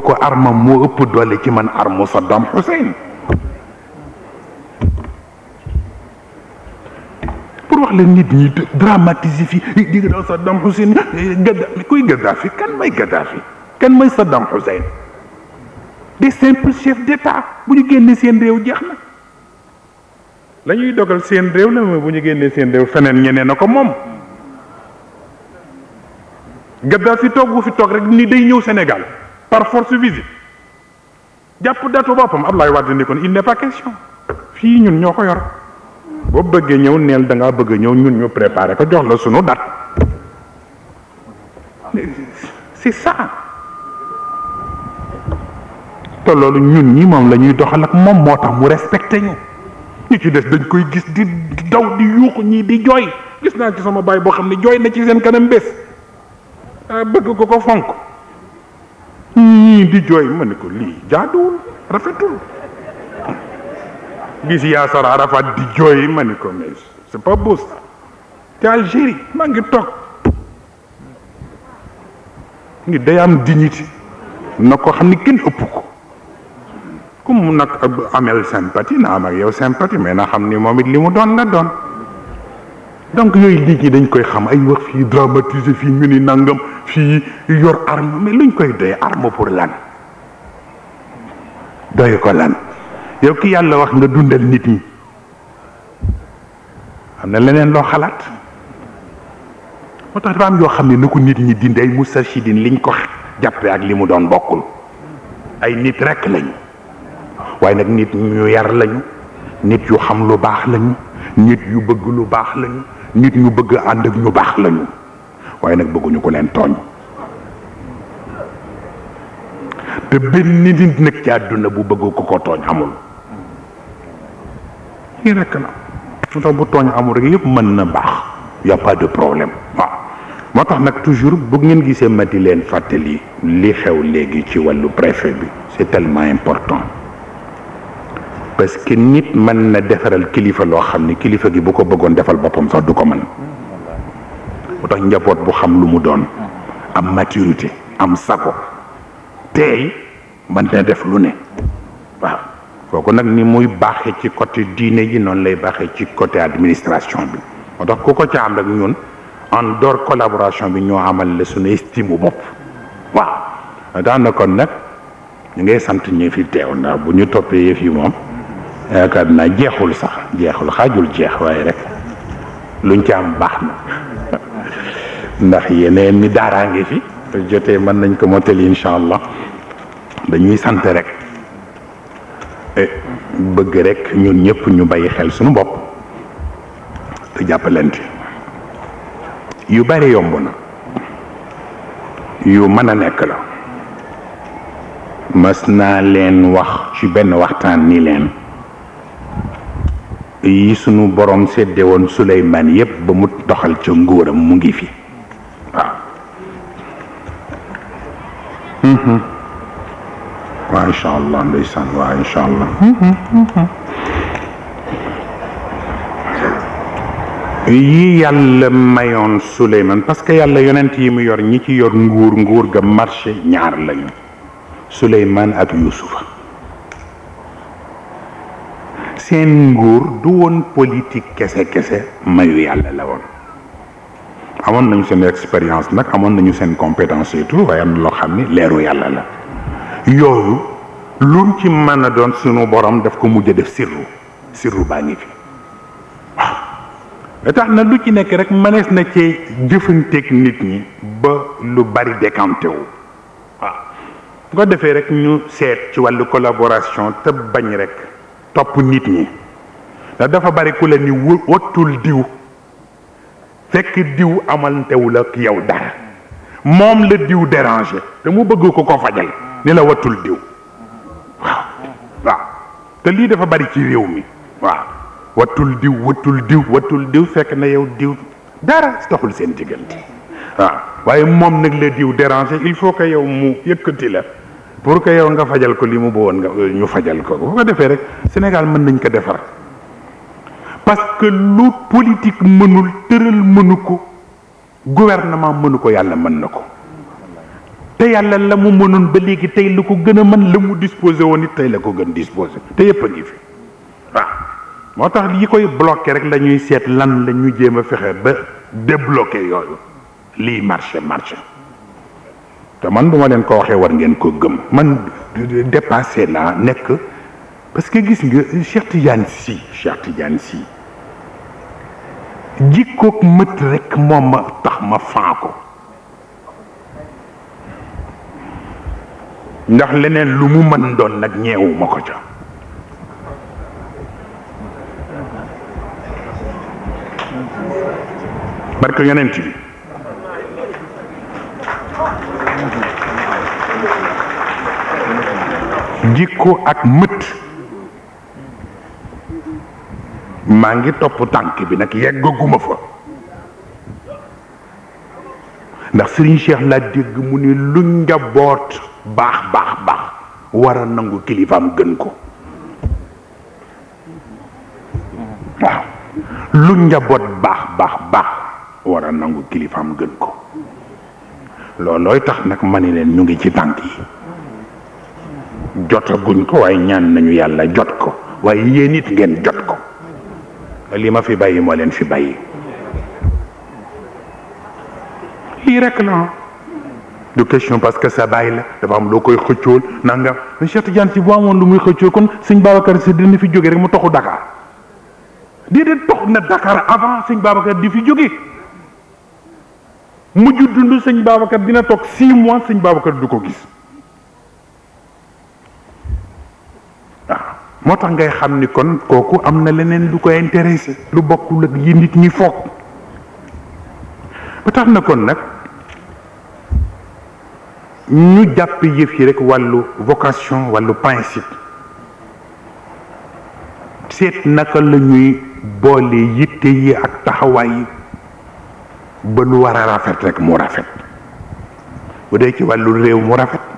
kooku armam moo ëpp doole ci man armu Saddam Hussein pour wax leen nit ñi fi digg daw Saddam Hussein Gaddafi kuy Gaddafi kan Gaddafi kan mooy Saddam Hussein des simples chefs d'État bu ñu génnee seen réew jeex na la dogal seen réew la mooy bu ñu génnee seen réew feneen ñeneen a ko moom Gaddafi toog bu fi toog rek ni day ñëw Sénégal par force visée jàpp datu boppam Abdoulaye Wade il n'est pas question Fi ñun ñoko yor bo bëggee ñëw neel da nga bëgg a ñun ñu préparer ko jox la suñu dat c'est ça to loolu ñun ñi mom lañuy doxal ak mom moo mu respecté ñu ñi ci des dañ koy gis di daw di yuuxu ñi di joy gis na ci sama bay bo xamni joy na ci seen kanam bés ah, bëgg ko ko fonk ñii di jooy ma ne ko lii jaaduwul rafetul gis Yaasar Arafat di jooy ma ne ko mais c'est pas beau te Algérie maa ngi toog ngi day am dignité na ko xam ni kenn ëpp ko ku mu nag amel sympathie na am ak yow sympathie mais na xam ni moom it li mu doon la doon donc yooyu nit ñi dañ koy xam ay wax fii dramatiser fii ñu ni nangam fii yor arme mais luñ koy doy arme pour lan doy ko lan yow ki yàlla wax nga dundal nit ñi am na leneen loo xalaat moo tax dafa am yoo xam ne na ko nit ñi dindi ay mustarchidin liñ ko jàppe ak li mu doon bokkul ay nit rekk lañu waaye nag nit ñu yar lañu nit yu xam lu baax lañu nit yu bëgg lu baax lañu nit ñu bëgg ànd ak ñu baax lañu waaye nag bëgguñu ko leen tooñ te benn nit nag ci àdduna bu bëgg ko ko tooñ amul lii rekk la moo tax bu tooñ amul rek yépp mën na baax y pas de problème waaw moo tax nag toujours bu ngeen gisee ma di leen fàttali li xew léegi ci wàllu préfet bi c'est tellement important parce que nit man na defaral kilifa lo xamni kilifa gi bu ko beggon defal bopam sax du ko man motax njabot bu xam lu mu don am maturité am sako tay man na def lu ne wa koko nak ni muy baxé ci côté diine yi non lay baxé ci côté administration bi motax koko ci am rek ñun en dor collaboration bi ño amal le suñu estime bop wa da na kon nak ñu ngay sant ñi fi téw na bu ñu topé yëf yi mom yaakaar naa jeexul sax jeexul xaajul jeex waaye rek luñ ci am baax na ndax yeneen ni daaraa ngi fi te jotee mën nañ ko mottali incha allah dañuy sant rek e, bëgg rekk ñun ñëpp ñu bay xel suñu bopp te jàppalante yu bari yomb na yu mën a nekk la mës naa leen wax ci benn waxtaan ni leen yi sunu borom sedde woon Suleymaan yépp ba mu doxal ca nguuram mu ngi fi waaw mhm. waa incha allah ndeysaan waa incha allah mhm, mhm. yi yàlla mayoon Suleymaan parce yàlla yonent yi mu yor ñi ci yor nguur nguur ga marché ñaar lañu Suleymaan ak Yuusufa seen nguur du woon politique kese kese mayu yàlla la woon amoon nañu seen expérience nag amoon nañu seen compétence surtout waaye am na loo xam ne leeru yàlla la yooyu luñ ci mën a doon sunu borom daf ko mujj def sirru sirru baa ngi fi waaw tax na lu ci nekk rek mënees na ci jëfanteeg nit ñi ba lu bari décanté wu waaw bu ko defee rek ñu seet ci wàllu collaboration te bañ rek top nit ñi dafa bari ku ni wattul diw fekk diw amantewul ak yow dara mom le diw déranger te mu bëgg ko ko fajal ni la wattul diw Wa. te li dafa bari ci rew mi wa wattul diw wattul diw wattul diw fekk na yow diw dara taxul sen diggante wa waye mom nag le diw déranger il faut que yow mu yëkkati la pour que yow nga fajal ko li mu bëggoon nga ñu fajal ko bu ko defee rek Sénégal mën nañ ko defar parce que lu politique mënul tëral mënu ko gouvernement mënu ko yàlla mën na ko te yàlla la mu mënoon ba léegi tey la ko gën a mën la mu disposé woon it tey la ko gën disposé te yépp a ngi fi waaw moo tax yi koy bloqué rek lañuy seet lan la ñu jéem a fexe ba débloqué yooyu lii marché marché te man bu len ko waxe war ngeen ko gëm man dépassé na nek, parce que gis nga Cheikh Tidiane si Cheikh Tidiane si jikkoog mët rek mom tax ma faa ko ndax leneen lu mu man doon nag ñeewu ma ca barke yonent bi jikko ak mët maa ngi topp tànk bi nag yeggaguma fa ndax Serigne Cheikh laa dégg mu ni lu njaboot baax baax baax war a nangu kilifaam gën ko waaw lu njaboot baax baax baax war nangu kilifaam gën ko loolooy tax nag ma ni leen ñu ngi ci tànk yi jotaguñ ko waaye ñaan nañu yàlla jot ko waaye yéen it ngeen jot ko li ma fi bàyyi moo leen fi bàyyi lii rek la du question parce que sa bàyyi la dafa am loo koy xëccool nangam mais Cheikh Tidiane si bu amoon lu muy xëccool kon sëñ Babacar si dina fi jóge rek mu toxu Dakar déedéet tox na Dakar avant sëñ Babacar di fi jóge mujj dund sëñ Babacar dina toog six mois sëñ Babacar du ko gis motax ngay xamni kon koku amna leneen lu ko intéressé lu bokkul ak yi nit ñi fokk ba tax na kon nak ñu japp yef yi rek walu vocation walu principe seet naka la ñuy bolé yitté yi ak taxaway yi ba lu war a rafet rek mu rafet bu dé ci walu réew mu rafet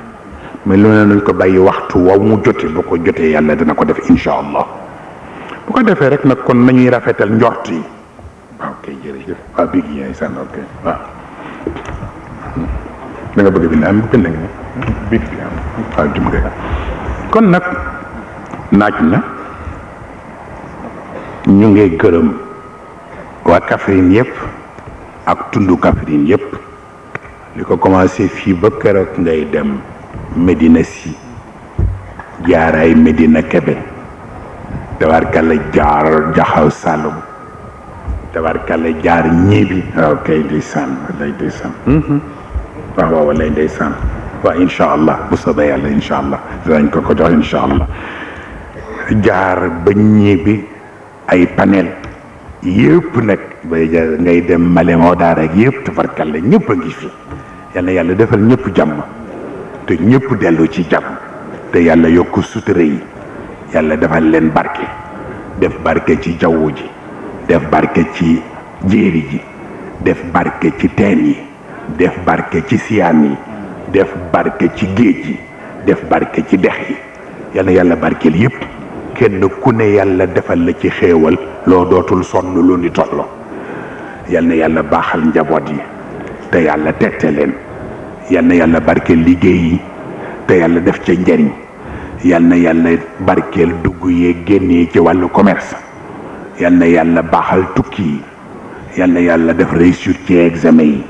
mais loolu nañ ko bàyyi waxtu waw mu jotee bu ko jotee yàlla dana ko def incha allah bu ko defee rek nag kon nañuy rafetal njort yi waaw kay ah, hmm. bëgg bi am bind ah, nag naaj na ñu ngi gërëm waa Kaffrine yëpp ak tundu Kaffrine yëpp li ko commencé fii ba keroog ngay dem Medina si jaaraay Medina Kebe tabarkalla jaar jaxaw Saloum tabarkalla jaar ñiibi waaw kay ndeysaan walay ndeysaan mhm. waaw waaw walay ndeysaan waaw incha allah bu soobee yàlla incha allah danañ ko ko jox incha allah jaar ba ñiibi ay panel yëpp nag bay ngay dem Malem Hodar ak yëpp tabarkalla a ngi fi yal na yàlla defal ñëpp jàmm te ñëpp dellu ci jàmm te yàlla yokk sutura yi yàlla defal leen barke def barke ci jawwu ji def barke ci jéeri ji def barke ci teen yi def barke ci siyaan yi def barke ci géej yi def barke ci dex yi yàlla yàlla barkeel yëpp kenn ku ne yàlla defal la ci xéewal loo dootul sonn lu ni tollo yàlla yàlla baaxal njaboot yi te yàlla tette leen yal na yàlla barkeel liggéey yi te yàlla def ca njariñ yal na yàlla barkeel dugg yee génnee ci wàllu commerce yal yàlla baaxal tukki yi yal yàlla def réussir ci examen yi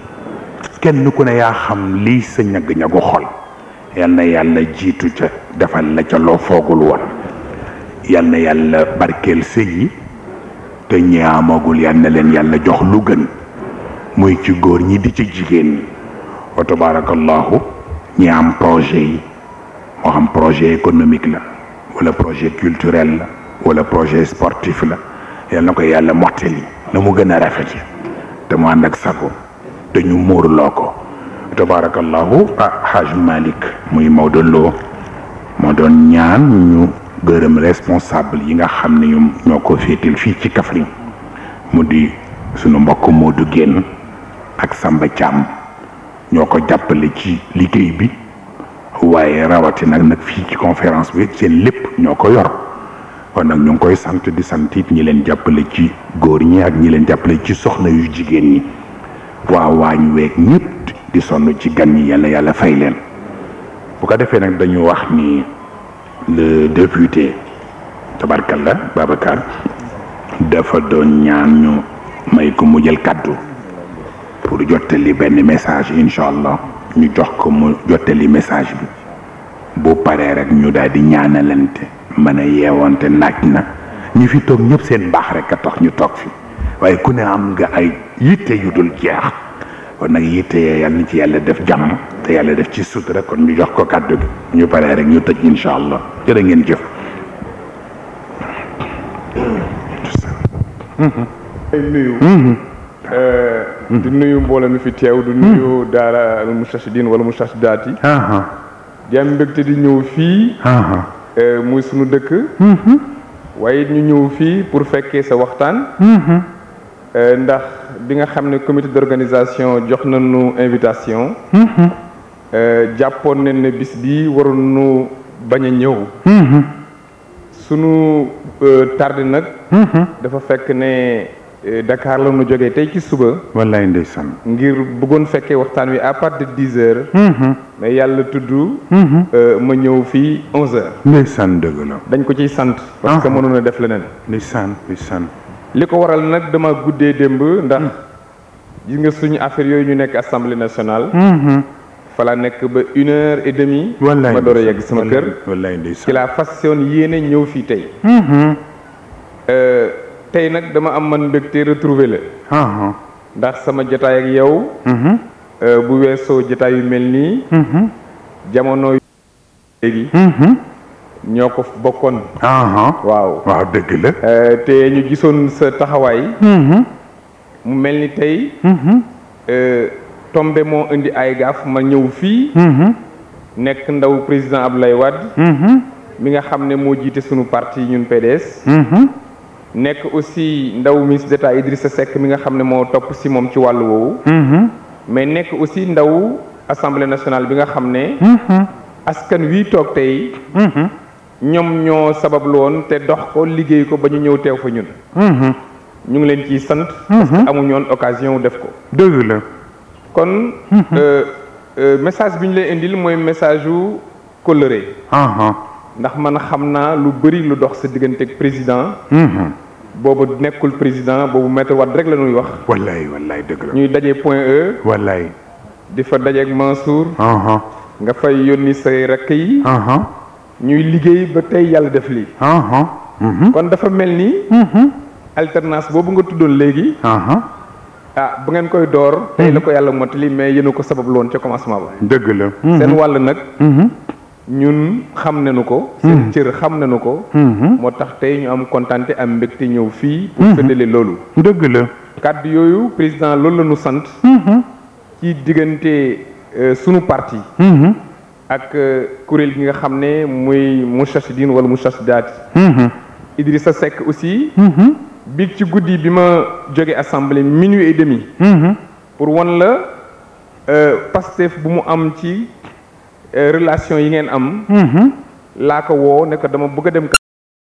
kenn ku ne yaa xam lii sa ñag-ñagu xol yal yàlla jiitu ca defal la ca loo foogul woon yal yàlla barkeel sëy yi te ñi amagul leen yàlla jox lu gën muy ci góor ñi di ci jigéen wa tabarakallahu ñi am projet yi moo xam projet économique la wala projet culturel la wala projet sportif la yal na ko yàlla mottali na mu gën a rafet te mu ànd ak sago te ñu muurloo ko tabarakallahu ah Haj Malick muy Maodo loo moo doon ñaan ñu gërëm responsable yi nga xam ne ñoo ko féetil fii ci Kaffrine mu di sunu mbokk moo du génn ak Samba Thiam ñoo ko ci liggéey bi rawati nak nak fi ci conférence bi seen lépp ñoo ko yor kon nak ñu koy sant di sant ñi leen jappalé ci goor ñi ak ñi leen jappalé ci soxna yu jigéen ñi wa ñepp di sonu ci gan ñi yalla fay leen bu ko défé nak dañu wax ni le député tabarkallah Babacar ñu may ko pour jotali ben message inshallah ñu jox ko mu jotali message bi bo paré rek ñu daal di ñaanalante mané yéwonté yeewante naaj ñi fi tok ñep seen bax rek ka tok ñu tok fi waye ku ne am nga ay yitte yu dul jeex kon nak yitte yee yàlla na ci yàlla def jàmm te yàlla def ci rek kon ñu jox ko kàddu gi ñu paré rek ñu tëj inshallah allah jërë ngeen jëf. nuyu. Euh, di nuyu mbooloo mi fi teew du hmm. nuyu daara al mu wala mustashidati di am mbégte di ñëw fii euh, muy sunu dëkk hmm. waaye ñu ñëw fii pour fekkee sa waxtaan hmm. euh, ndax bi nga xam ne comité d'organisation jox nu invitation jàppoon nañ ne bis bi waroon nu bañ a ñëw sunu tardé nag dafa fekk ne Eh, Dakar la nu jógee tay ci suba. wallaay ndeysaan. ngir bëggone féké waxtan wi à partir de 10h dix hmm mais yalla tuddu hmm tudd. Mm-hmm. Eh, ma ñëw fi 11h ndeysaan dëgg la. dañ ko ciy sant. parce que ah. mënu na def leneen. ndeysaan ndeysaan. li ko waral nak dama guddé demb ndax mm. gis nga suñu affaire yoy ñu nekk assemblée nationale. hmm fala nek ba 1h et demi wallaay ma doro yegg sama kër. wallaay ndeysaan ci la ñëw fi tay hmm fii tey. Mm-hmm. Eh, tey nag dama am man mbégte retrouver la uh-huh. ndax sama jataay ak yow mm-hmm. euh, bu weesoo jataay yu mel nii mm-hmm. jamono léegi mm-hmm. ñoo ko bokkoon uh-huh. waaw waaw dëgg la euh, te ñu gisoon sa taxawaay mu mel ni tey euh, tombe moo indi ay gaaf ma ñëw fii nekk ndaw président Abdoulaye Wade mi nga xam ne moo jiite sunu parti ñun PDS nek aussi ndaw ministre d'État Idrissa Seck mi nga xamné mo top ci mom moom ci wàllu woowu. Mhm. mais nek aussi ndaw assemblée nationale bi nga xamné ne. Mhm. askan wi toog tey. Mhm. ñom ñoo sabablu woon té dox ko liggéey ko ba ñu ñëw teew fa ñun. ñu ngi leen ci sante amu ñoon occasion def ko. dëgg la. kon. Euh, euh message bi ñu lay indil moy message coloré coloré. ndax man xam naa lu bëri lu dox sa diggante ak président. Mhm. boobu nekkul président boobu Maître Wade rek la nuy wax. wallaay wallaay dëgg la ñuy dajee point E. wallaay. di fa dajeeg Mansour. Uh-huh. nga fay yónni say rakk yi. Uh-huh. ñuy liggéey ba tey yàlla def lii. Uh-huh. Mm-hmm. kon dafa mel ni. Mm-hmm. alternance boobu nga tuddoon léegi. ah bu ngeen koy door. tey la mm-hmm. ko yàlla mottali mais yéen ko sabab loon ca commencement ba. dëgg la. seen wàll nag. ñun xam nu ko. Hmm. seen cër xam nañu ko. Hmm. moo tax tey ñu am kontante am mbégte ñëw fii. pour fëddale hmm. loolu. dëgg la kàddu yooyu président loolu la ñu sant. ci diggante euh, sunu parti. ak euh, kuréel gi nga xam ne muy Moustarchidine wala Moustarchidaty. Idrissa Seck aussi. bi ci guddi bi ma jóge assemblée minuit et demi. pour wan la euh, pastef bu mu am ci. relation yi ngeen am. Mm-hmm. laa ko woo ne ko dama bëgg a dem.